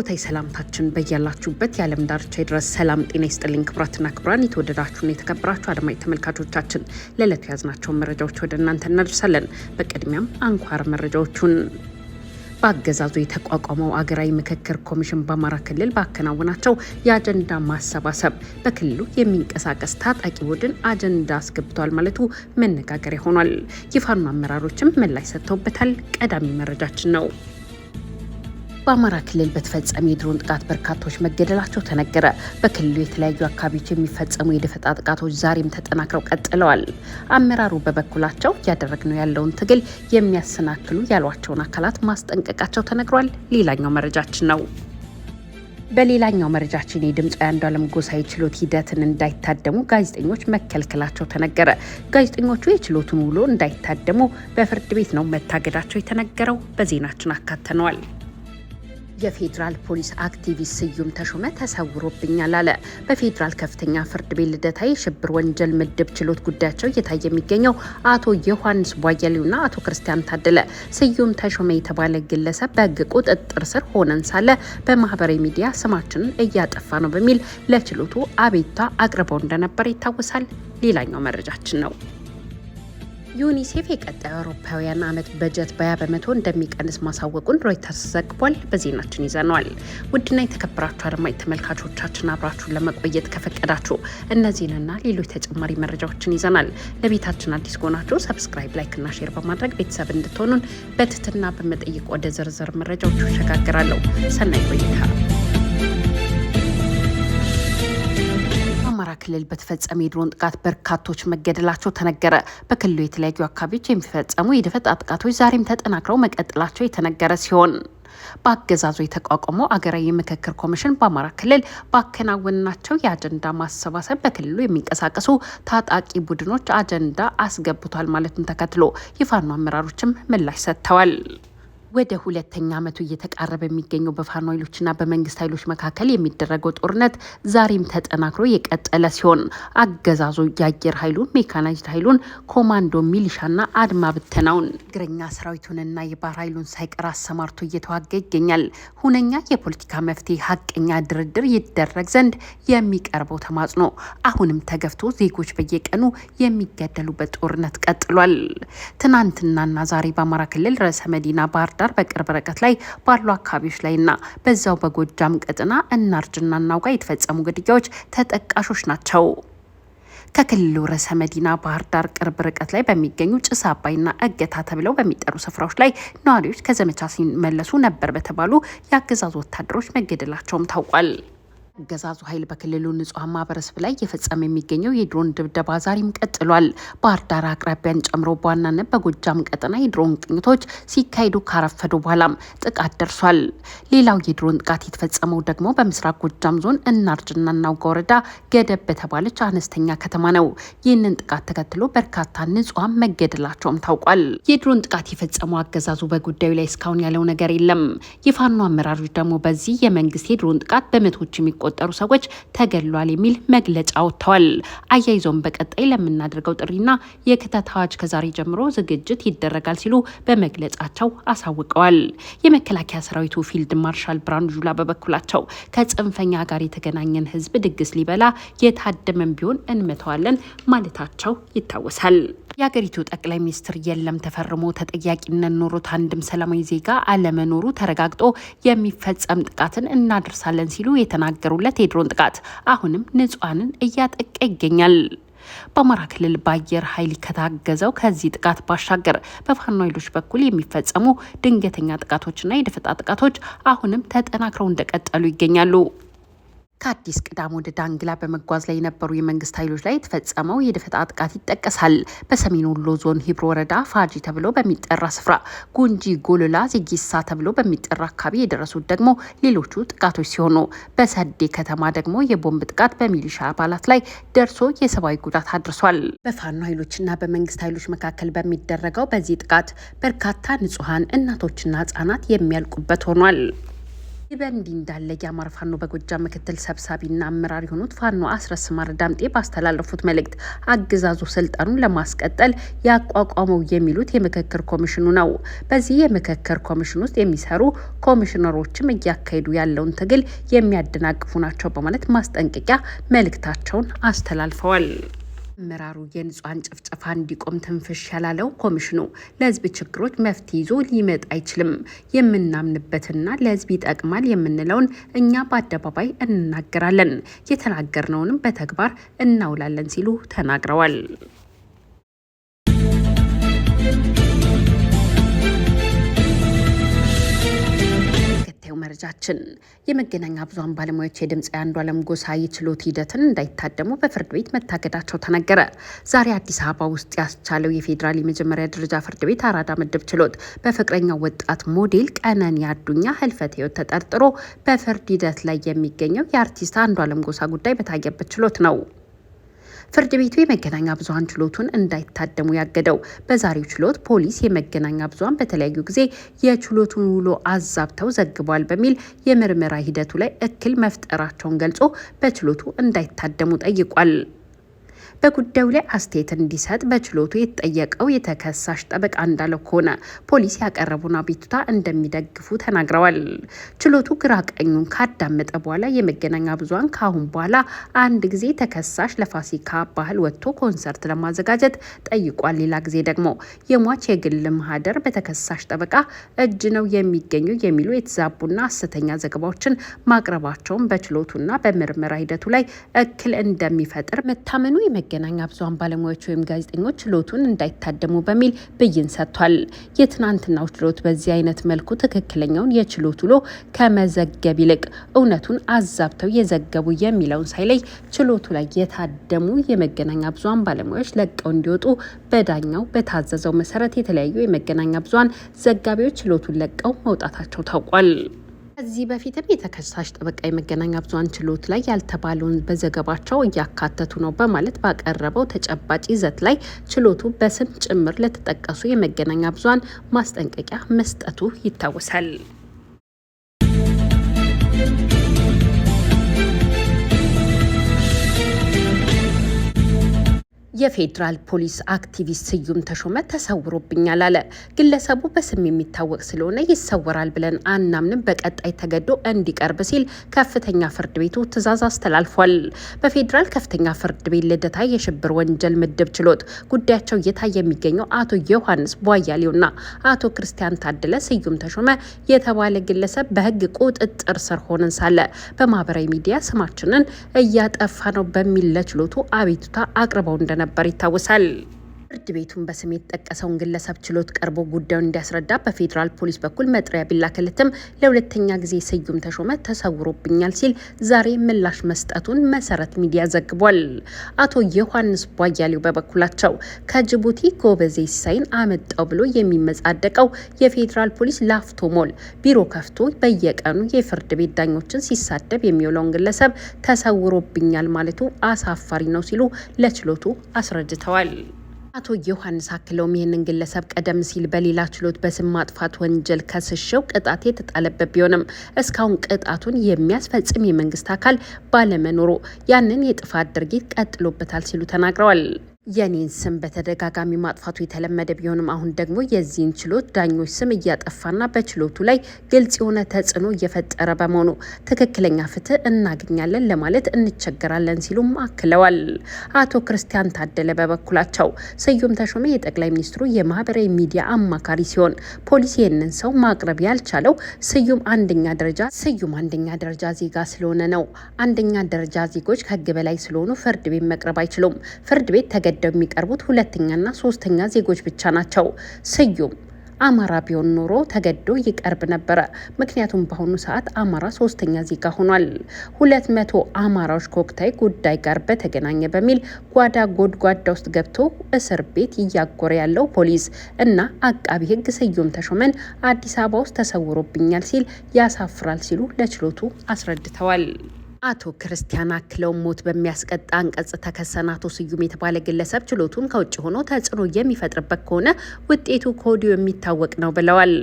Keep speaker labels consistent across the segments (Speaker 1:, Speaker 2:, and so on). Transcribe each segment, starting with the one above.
Speaker 1: አክብሮታዊ ሰላምታችን በያላችሁበት የዓለም ዳርቻ ድረስ ሰላም ጤና ይስጥልኝ። ክቡራትና ክቡራን የተወደዳችሁና የተከበራችሁ አድማጭ ተመልካቾቻችን ለዕለቱ የያዝናቸውን መረጃዎች ወደ እናንተ እናደርሳለን። በቅድሚያም አንኳር መረጃዎቹን በአገዛዙ የተቋቋመው አገራዊ ምክክር ኮሚሽን በአማራ ክልል ባከናወናቸው የአጀንዳ ማሰባሰብ በክልሉ የሚንቀሳቀስ ታጣቂ ቡድን አጀንዳ አስገብቷል ማለቱ መነጋገሪያ ሆኗል። የፋኖ አመራሮችም ምላሽ ሰጥተውበታል። ቀዳሚ መረጃችን ነው። በአማራ ክልል በተፈጸመ የድሮን ጥቃት በርካቶች መገደላቸው ተነገረ። በክልሉ የተለያዩ አካባቢዎች የሚፈጸሙ የደፈጣ ጥቃቶች ዛሬም ተጠናክረው ቀጥለዋል። አመራሩ በበኩላቸው እያደረግነው ያለውን ትግል የሚያሰናክሉ ያሏቸውን አካላት ማስጠንቀቃቸው ተነግሯል። ሌላኛው መረጃችን ነው። በሌላኛው መረጃችን የድምፃዊ አንዷለም ጎሳ የችሎት ሂደትን እንዳይታደሙ ጋዜጠኞች መከልከላቸው ተነገረ። ጋዜጠኞቹ የችሎቱን ውሎ እንዳይታደሙ በፍርድ ቤት ነው መታገዳቸው የተነገረው። በዜናችን አካተነዋል። የፌዴራል ፖሊስ አክቲቪስት ስዩም ተሾመ ተሰውሮብኛል አለ። በፌዴራል ከፍተኛ ፍርድ ቤት ልደታ የሽብር ወንጀል ምድብ ችሎት ጉዳያቸው እየታየ የሚገኘው አቶ ዮሐንስ ቧያሌውና አቶ ክርስቲያን ታደለ ስዩም ተሾመ የተባለ ግለሰብ በህግ ቁጥጥር ስር ሆነን ሳለ በማህበራዊ ሚዲያ ስማችንን እያጠፋ ነው በሚል ለችሎቱ አቤቱታ አቅርበው እንደነበር ይታወሳል። ሌላኛው መረጃችን ነው። ዩኒሴፍ የቀጣዩ አውሮፓውያን ዓመት በጀት በያ በመቶ እንደሚቀንስ ማሳወቁን ሮይተርስ ዘግቧል። በዜናችን ይዘነዋል። ውድና የተከበራችሁ አድማጭ ተመልካቾቻችን አብራችሁን ለመቆየት ከፈቀዳችሁ እነዚህንና ሌሎች ተጨማሪ መረጃዎችን ይዘናል። ለቤታችን አዲስ ከሆናችሁ ሰብስክራይብ፣ ላይክና ሼር በማድረግ ቤተሰብ እንድትሆኑን በትህትና በመጠየቅ ወደ ዝርዝር መረጃዎቹ ይሸጋግራለሁ። ሰናይ ቆይታ ክልል በተፈጸመ የድሮን ጥቃት በርካቶች መገደላቸው ተነገረ። በክልሉ የተለያዩ አካባቢዎች የሚፈጸሙ የደፈጣ ጥቃቶች ዛሬም ተጠናክረው መቀጠላቸው የተነገረ ሲሆን በአገዛዙ የተቋቋመው አገራዊ የምክክር ኮሚሽን በአማራ ክልል ባከናወናቸው የአጀንዳ ማሰባሰብ በክልሉ የሚንቀሳቀሱ ታጣቂ ቡድኖች አጀንዳ አስገብቷል ማለቱን ተከትሎ የፋኖ አመራሮችም ምላሽ ሰጥተዋል። ወደ ሁለተኛ ዓመቱ እየተቃረበ የሚገኘው በፋኖ ኃይሎችና በመንግስት ኃይሎች መካከል የሚደረገው ጦርነት ዛሬም ተጠናክሮ የቀጠለ ሲሆን አገዛዙ የአየር ኃይሉን፣ ሜካናይዝድ ኃይሉን፣ ኮማንዶ ሚሊሻና አድማ ብተናውን እግረኛ ሰራዊቱንና የባህር ኃይሉን ሳይቀር አሰማርቶ እየተዋገ ይገኛል። ሁነኛ የፖለቲካ መፍትሄ ሀቀኛ ድርድር ይደረግ ዘንድ የሚቀርበው ተማጽኖ አሁንም ተገፍቶ ዜጎች በየቀኑ የሚገደሉበት ጦርነት ቀጥሏል። ትናንትናና ዛሬ በአማራ ክልል ርዕሰ መዲና ባህር ዳር በቅርብ ርቀት ላይ ባሉ አካባቢዎች ላይና በዛው በጎጃም ቀጥና እናርጅና እናውጋ የተፈጸሙ ግድያዎች ተጠቃሾች ናቸው። ከክልሉ ርዕሰ መዲና ባህር ዳር ቅርብ ርቀት ላይ በሚገኙ ጭስ አባይና እገታ ተብለው በሚጠሩ ስፍራዎች ላይ ነዋሪዎች ከዘመቻ ሲመለሱ ነበር በተባሉ የአገዛዙ ወታደሮች መገደላቸውም ታውቋል። አገዛዙ ኃይል በክልሉ ንጹሐን ማህበረሰብ ላይ እየፈጸመ የሚገኘው የድሮን ድብደባ ዛሬም ቀጥሏል። ባህር ዳር አቅራቢያን ጨምሮ በዋናነት በጎጃም ቀጠና የድሮን ቅኝቶች ሲካሄዱ ካረፈዱ በኋላም ጥቃት ደርሷል። ሌላው የድሮን ጥቃት የተፈጸመው ደግሞ በምስራቅ ጎጃም ዞን እናርጅና እናውጋ ወረዳ ገደብ በተባለች አነስተኛ ከተማ ነው። ይህንን ጥቃት ተከትሎ በርካታ ንጹሐን መገደላቸውም ታውቋል። የድሮን ጥቃት የፈጸመው አገዛዙ በጉዳዩ ላይ እስካሁን ያለው ነገር የለም። የፋኖ አመራሮች ደግሞ በዚህ የመንግስት የድሮን ጥቃት በመቶች የሚቆ የሚቆጠሩ ሰዎች ተገድሏል የሚል መግለጫ አውጥተዋል። አያይዘውም በቀጣይ ለምናደርገው ጥሪና የክተት አዋጅ ከዛሬ ጀምሮ ዝግጅት ይደረጋል ሲሉ በመግለጫቸው አሳውቀዋል። የመከላከያ ሰራዊቱ ፊልድ ማርሻል ብርሃኑ ጁላ በበኩላቸው ከጽንፈኛ ጋር የተገናኘን ህዝብ ድግስ ሊበላ የታደመን ቢሆን እንመተዋለን ማለታቸው ይታወሳል። የአገሪቱ ጠቅላይ ሚኒስትር የለም ተፈርሞ ተጠያቂነት ኖሮት አንድም ሰላማዊ ዜጋ አለመኖሩ ተረጋግጦ የሚፈጸም ጥቃትን እናደርሳለን ሲሉ የተናገሩ የድሮን ጥቃት አሁንም ንጹሐንን እያጠቀ ይገኛል። በአማራ ክልል በአየር ኃይል ከታገዘው ከዚህ ጥቃት ባሻገር በፋኖ ኃይሎች በኩል የሚፈጸሙ ድንገተኛ ጥቃቶችና የደፈጣ ጥቃቶች አሁንም ተጠናክረው እንደቀጠሉ ይገኛሉ። ከአዲስ ቅዳም ወደ ዳንግላ በመጓዝ ላይ የነበሩ የመንግስት ኃይሎች ላይ የተፈጸመው የድፈጣ ጥቃት ይጠቀሳል። በሰሜን ወሎ ዞን ሂብሮ ወረዳ ፋጂ ተብሎ በሚጠራ ስፍራ ጉንጂ ጎልላ ዜጊሳ ተብሎ በሚጠራ አካባቢ የደረሱት ደግሞ ሌሎቹ ጥቃቶች ሲሆኑ በሰዴ ከተማ ደግሞ የቦምብ ጥቃት በሚሊሻ አባላት ላይ ደርሶ የሰብአዊ ጉዳት አድርሷል። በፋኖ ኃይሎችና በመንግስት ኃይሎች መካከል በሚደረገው በዚህ ጥቃት በርካታ ንጹሐን እናቶችና ህጻናት የሚያልቁበት ሆኗል። ይህ በእንዲህ እንዳለ የአማራ ፋኖ በጎጃም ምክትል ሰብሳቢና አመራር የሆኑት ፋኖ አስረስ ማረ ዳምጤ ባስተላለፉት መልእክት አገዛዙ ስልጣኑን ለማስቀጠል ያቋቋመው የሚሉት የምክክር ኮሚሽኑ ነው። በዚህ የምክክር ኮሚሽን ውስጥ የሚሰሩ ኮሚሽነሮችም እያካሄዱ ያለውን ትግል የሚያደናቅፉ ናቸው በማለት ማስጠንቀቂያ መልእክታቸውን አስተላልፈዋል። አመራሩ የንጹሃን ጭፍጨፋ እንዲቆም ትንፍሽ ያላለው ኮሚሽኑ ለህዝብ ችግሮች መፍትሄ ይዞ ሊመጣ አይችልም። የምናምንበትና ለህዝብ ይጠቅማል የምንለውን እኛ በአደባባይ እንናገራለን፣ የተናገርነውንም በተግባር እናውላለን ሲሉ ተናግረዋል። መረጃችን የመገናኛ ብዙኃን ባለሙያዎች የድምፃዊ አለም ጎሳ የችሎት ሂደትን እንዳይታደሙ በፍርድ ቤት መታገዳቸው ተነገረ። ዛሬ አዲስ አበባ ውስጥ ያስቻለው የፌዴራል የመጀመሪያ ደረጃ ፍርድ ቤት አራዳ ምድብ ችሎት በፍቅረኛው ወጣት ሞዴል ቀነኒ አዱኛ ህልፈት ህይወት ተጠርጥሮ በፍርድ ሂደት ላይ የሚገኘው የአርቲስት አለም ጎሳ ጉዳይ በታየበት ችሎት ነው። ፍርድ ቤቱ የመገናኛ ብዙሀን ችሎቱን እንዳይታደሙ ያገደው። በዛሬው ችሎት ፖሊስ የመገናኛ ብዙሀን በተለያዩ ጊዜ የችሎቱን ውሎ አዛብተው ዘግቧል በሚል የምርመራ ሂደቱ ላይ እክል መፍጠራቸውን ገልጾ በችሎቱ እንዳይታደሙ ጠይቋል። በጉዳዩ ላይ አስተያየት እንዲሰጥ በችሎቱ የተጠየቀው የተከሳሽ ጠበቃ እንዳለው ከሆነ ፖሊስ ያቀረቡን አቤቱታ እንደሚደግፉ ተናግረዋል። ችሎቱ ግራ ቀኙን ካዳመጠ በኋላ የመገናኛ ብዙኃን ከአሁን በኋላ አንድ ጊዜ ተከሳሽ ለፋሲካ ባህል ወጥቶ ኮንሰርት ለማዘጋጀት ጠይቋል። ሌላ ጊዜ ደግሞ የሟች የግል ማህደር በተከሳሽ ጠበቃ እጅ ነው የሚገኙ የሚሉ የተዛቡና ሐሰተኛ ዘገባዎችን ማቅረባቸውን በችሎቱና በምርመራ ሂደቱ ላይ እክል እንደሚፈጥር መታመኑ የመገናኛ ብዙሃን ባለሙያዎች ወይም ጋዜጠኞች ችሎቱን እንዳይታደሙ በሚል ብይን ሰጥቷል። የትናንትናው ችሎት በዚህ አይነት መልኩ ትክክለኛውን የችሎት ውሎ ከመዘገብ ይልቅ እውነቱን አዛብተው የዘገቡ የሚለውን ሳይለይ ችሎቱ ላይ የታደሙ የመገናኛ ብዙኃን ባለሙያዎች ለቀው እንዲወጡ በዳኛው በታዘዘው መሰረት የተለያዩ የመገናኛ ብዙሃን ዘጋቢዎች ችሎቱን ለቀው መውጣታቸው ታውቋል። ከዚህ በፊትም የተከሳሽ ጠበቃ የመገናኛ ብዙሃን ችሎት ላይ ያልተባለውን በዘገባቸው እያካተቱ ነው በማለት ባቀረበው ተጨባጭ ይዘት ላይ ችሎቱ በስም ጭምር ለተጠቀሱ የመገናኛ ብዙሃን ማስጠንቀቂያ መስጠቱ ይታወሳል። የፌዴራል ፖሊስ አክቲቪስት ስዩም ተሾመ ተሰውሮብኛል አለ። ግለሰቡ በስም የሚታወቅ ስለሆነ ይሰወራል ብለን አናምንም፣ በቀጣይ ተገዶ እንዲቀርብ ሲል ከፍተኛ ፍርድ ቤቱ ትዕዛዝ አስተላልፏል። በፌዴራል ከፍተኛ ፍርድ ቤት ልደታ የሽብር ወንጀል ምድብ ችሎት ጉዳያቸው እየታየ የሚገኘው አቶ ዮሐንስ ቧያሌውና አቶ ክርስቲያን ታደለ ስዩም ተሾመ የተባለ ግለሰብ በህግ ቁጥጥር ስር ሆነን ሳለ በማህበራዊ ሚዲያ ስማችንን እያጠፋ ነው በሚል ለችሎቱ አቤቱታ አቅርበው እንደነበር እንደነበር ይታወሳል። ፍርድ ቤቱን በስም የተጠቀሰውን ግለሰብ ችሎት ቀርቦ ጉዳዩን እንዲያስረዳ በፌዴራል ፖሊስ በኩል መጥሪያ ቢላክለትም ለሁለተኛ ጊዜ ስዩም ተሾመ ተሰውሮብኛል ሲል ዛሬ ምላሽ መስጠቱን መሰረት ሚዲያ ዘግቧል። አቶ ዮሐንስ ቧያሌው በበኩላቸው ከጅቡቲ ጎበዜ ሲሳይን አመጣው ብሎ የሚመጻደቀው የፌዴራል ፖሊስ ላፍቶ ሞል ቢሮ ከፍቶ በየቀኑ የፍርድ ቤት ዳኞችን ሲሳደብ የሚውለውን ግለሰብ ተሰውሮብኛል ማለቱ አሳፋሪ ነው ሲሉ ለችሎቱ አስረድተዋል። አቶ ዮሐንስ አክለውም ይህንን ግለሰብ ቀደም ሲል በሌላ ችሎት በስም ማጥፋት ወንጀል ከስሸው ቅጣት የተጣለበት ቢሆንም እስካሁን ቅጣቱን የሚያስፈጽም የመንግስት አካል ባለመኖሩ ያንን የጥፋት ድርጊት ቀጥሎበታል ሲሉ ተናግረዋል። የኔን ስም በተደጋጋሚ ማጥፋቱ የተለመደ ቢሆንም አሁን ደግሞ የዚህን ችሎት ዳኞች ስም እያጠፋና በችሎቱ ላይ ግልጽ የሆነ ተጽዕኖ እየፈጠረ በመሆኑ ትክክለኛ ፍትህ እናገኛለን ለማለት እንቸገራለን ሲሉም አክለዋል። አቶ ክርስቲያን ታደለ በበኩላቸው ስዩም ተሾመ የጠቅላይ ሚኒስትሩ የማህበራዊ ሚዲያ አማካሪ ሲሆን ፖሊስ ይህንን ሰው ማቅረብ ያልቻለው ስዩም አንደኛ ደረጃ ስዩም አንደኛ ደረጃ ዜጋ ስለሆነ ነው። አንደኛ ደረጃ ዜጎች ከህግ በላይ ስለሆኑ ፍርድ ቤት መቅረብ አይችሉም። ፍርድ ቤት ተገ ተገደው የሚቀርቡት ሁለተኛና ሶስተኛ ዜጎች ብቻ ናቸው። ስዩም አማራ ቢሆን ኖሮ ተገዶ ይቀርብ ነበረ። ምክንያቱም በአሁኑ ሰዓት አማራ ሶስተኛ ዜጋ ሆኗል። ሁለት መቶ አማራዎች ከወቅታዊ ጉዳይ ጋር በተገናኘ በሚል ጓዳ ጎድጓዳ ውስጥ ገብቶ እስር ቤት እያጎረ ያለው ፖሊስ እና አቃቢ ሕግ ስዩም ተሾመን አዲስ አበባ ውስጥ ተሰውሮብኛል ሲል ያሳፍራል ሲሉ ለችሎቱ አስረድተዋል። አቶ ክርስቲያን አክለው ሞት በሚያስቀጣ አንቀጽ ተከሰን አቶ ስዩም የተባለ ግለሰብ ችሎቱን ከውጭ ሆኖ ተጽዕኖ የሚፈጥርበት ከሆነ ውጤቱ ከወዲሁ የሚታወቅ ነው ብለዋል።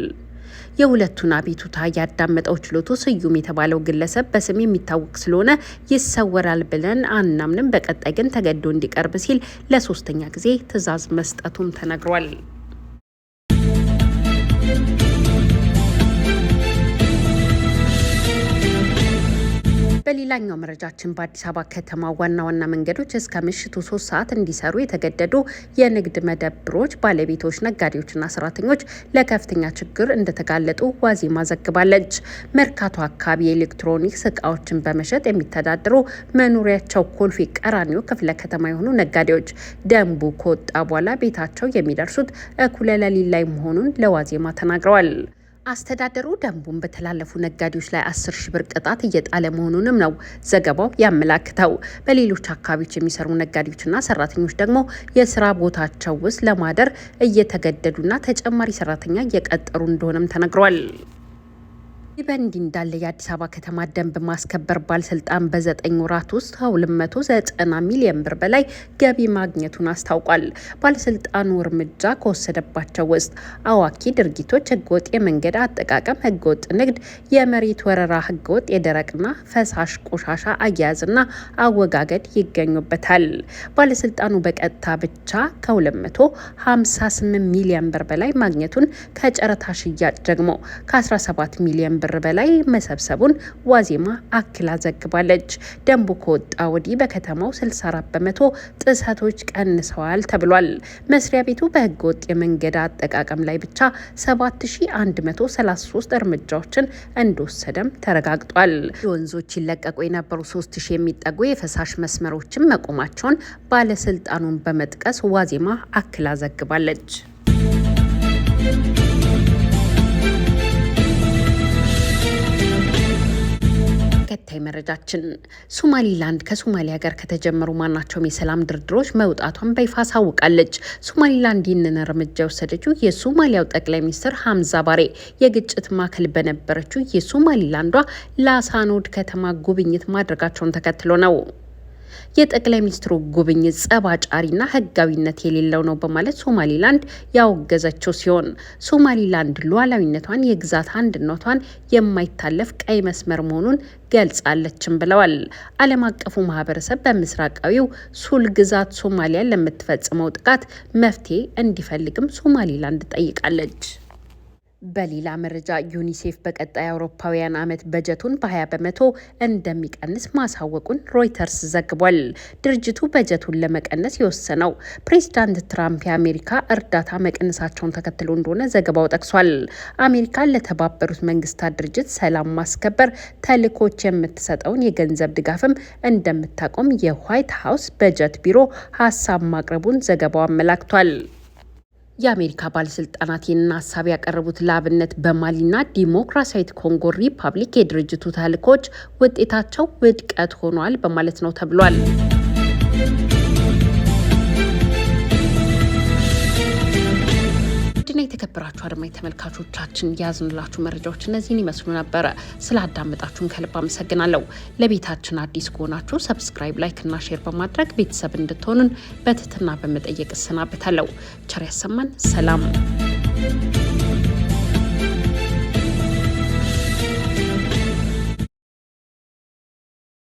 Speaker 1: የሁለቱን አቤቱታ ያዳመጠው ችሎቱ ስዩም የተባለው ግለሰብ በስም የሚታወቅ ስለሆነ ይሰወራል ብለን አናምንም፣ በቀጣይ ግን ተገዶ እንዲቀርብ ሲል ለሶስተኛ ጊዜ ትዕዛዝ መስጠቱም ተነግሯል። በሌላኛው መረጃችን በአዲስ አበባ ከተማ ዋና ዋና መንገዶች እስከ ምሽቱ ሶስት ሰዓት እንዲሰሩ የተገደዱ የንግድ መደብሮች ባለቤቶች፣ ነጋዴዎችና ሰራተኞች ለከፍተኛ ችግር እንደተጋለጡ ዋዜማ ዘግባለች። መርካቶ አካባቢ የኤሌክትሮኒክስ እቃዎችን በመሸጥ የሚተዳደሩ መኖሪያቸው ኮልፌ ቀራኒዮ ክፍለ ከተማ የሆኑ ነጋዴዎች ደንቡ ከወጣ በኋላ ቤታቸው የሚደርሱት እኩለ ሌሊት ላይ መሆኑን ለዋዜማ ተናግረዋል። አስተዳደሩ ደንቡን በተላለፉ ነጋዴዎች ላይ አስር ሺህ ብር ቅጣት እየጣለ መሆኑንም ነው ዘገባው ያመላክተው። በሌሎች አካባቢዎች የሚሰሩ ነጋዴዎችና ሰራተኞች ደግሞ የስራ ቦታቸው ውስጥ ለማደር እየተገደዱና ተጨማሪ ሰራተኛ እየቀጠሩ እንደሆነም ተነግሯል። ይህ በእንዲህ እንዳለ የአዲስ አበባ ከተማ ደንብ ማስከበር ባለስልጣን በዘጠኝ ወራት ውስጥ ከ290 ሚሊዮን ብር በላይ ገቢ ማግኘቱን አስታውቋል። ባለስልጣኑ እርምጃ ከወሰደባቸው ውስጥ አዋኪ ድርጊቶች፣ ህገወጥ የመንገድ አጠቃቀም፣ ህገወጥ ንግድ፣ የመሬት ወረራ፣ ህገወጥ የደረቅና ፈሳሽ ቆሻሻ አያያዝና አወጋገድ ይገኙበታል። ባለስልጣኑ በቀጥታ ብቻ ከ258 ሚሊዮን ብር በላይ ማግኘቱን ከጨረታ ሽያጭ ደግሞ ከ17 ሚሊዮን ብር በላይ መሰብሰቡን ዋዜማ አክላ ዘግባለች። ደንቡ ከወጣ ወዲህ በከተማው 64 በመቶ ጥሰቶች ቀንሰዋል ተብሏል። መስሪያ ቤቱ በህገ ወጥ የመንገድ አጠቃቀም ላይ ብቻ 7133 እርምጃዎችን እንደወሰደም ተረጋግጧል። ወንዞች ይለቀቁ የነበሩ 3000 የሚጠጉ የፈሳሽ መስመሮችን መቆማቸውን ባለስልጣኑን በመጥቀስ ዋዜማ አክላ ዘግባለች። ተከታይ መረጃችን ሶማሊላንድ ከሶማሊያ ጋር ከተጀመሩ ማናቸውም የሰላም ድርድሮች መውጣቷን በይፋ አሳውቃለች። ሶማሊላንድ ይህንን እርምጃ የወሰደችው የሶማሊያው ጠቅላይ ሚኒስትር ሀምዛ ባሬ የግጭት ማዕከል በነበረችው የሶማሊላንዷ ላሳኖድ ከተማ ጉብኝት ማድረጋቸውን ተከትሎ ነው። የጠቅላይ ሚኒስትሩ ጉብኝት ጸብ ህጋዊነት የሌለው ነው በማለት ሶማሊላንድ ያወገዘችው ሲሆን ሶማሊላንድ ሉዓላዊነቷን፣ የግዛት አንድነቷን የማይታለፍ ቀይ መስመር መሆኑን ገልጻለችም ብለዋል። ዓለም አቀፉ ማህበረሰብ በምስራቃዊው ሱል ግዛት ሶማሊያን ለምትፈጽመው ጥቃት መፍትሄ እንዲፈልግም ሶማሊላንድ ጠይቃለች። በሌላ መረጃ ዩኒሴፍ በቀጣይ አውሮፓውያን ዓመት በጀቱን በ20 በመቶ እንደሚቀንስ ማሳወቁን ሮይተርስ ዘግቧል። ድርጅቱ በጀቱን ለመቀነስ የወሰነው ፕሬዚዳንት ትራምፕ የአሜሪካ እርዳታ መቀነሳቸውን ተከትሎ እንደሆነ ዘገባው ጠቅሷል። አሜሪካ ለተባበሩት መንግስታት ድርጅት ሰላም ማስከበር ተልእኮች የምትሰጠውን የገንዘብ ድጋፍም እንደምታቆም የዋይት ሀውስ በጀት ቢሮ ሀሳብ ማቅረቡን ዘገባው አመላክቷል። የአሜሪካ ባለስልጣናት ይህንን ሀሳብ ያቀረቡት ለአብነት በማሊና ዲሞክራሲያዊት ኮንጎ ሪፐብሊክ የድርጅቱ ተልእኮች ውጤታቸው ውድቀት ሆኗል በማለት ነው ተብሏል። አድማጭ ተመልካቾቻችን ያዝንላችሁ መረጃዎች እነዚህን ይመስሉ ነበረ። ስላዳመጣችሁን ከልብ አመሰግናለሁ። ለቤታችን አዲስ ከሆናችሁ ሰብስክራይብ፣ ላይክና ሼር በማድረግ ቤተሰብ እንድትሆኑን በትህትና በመጠየቅ እሰናበታለሁ። ቸር ያሰማን። ሰላም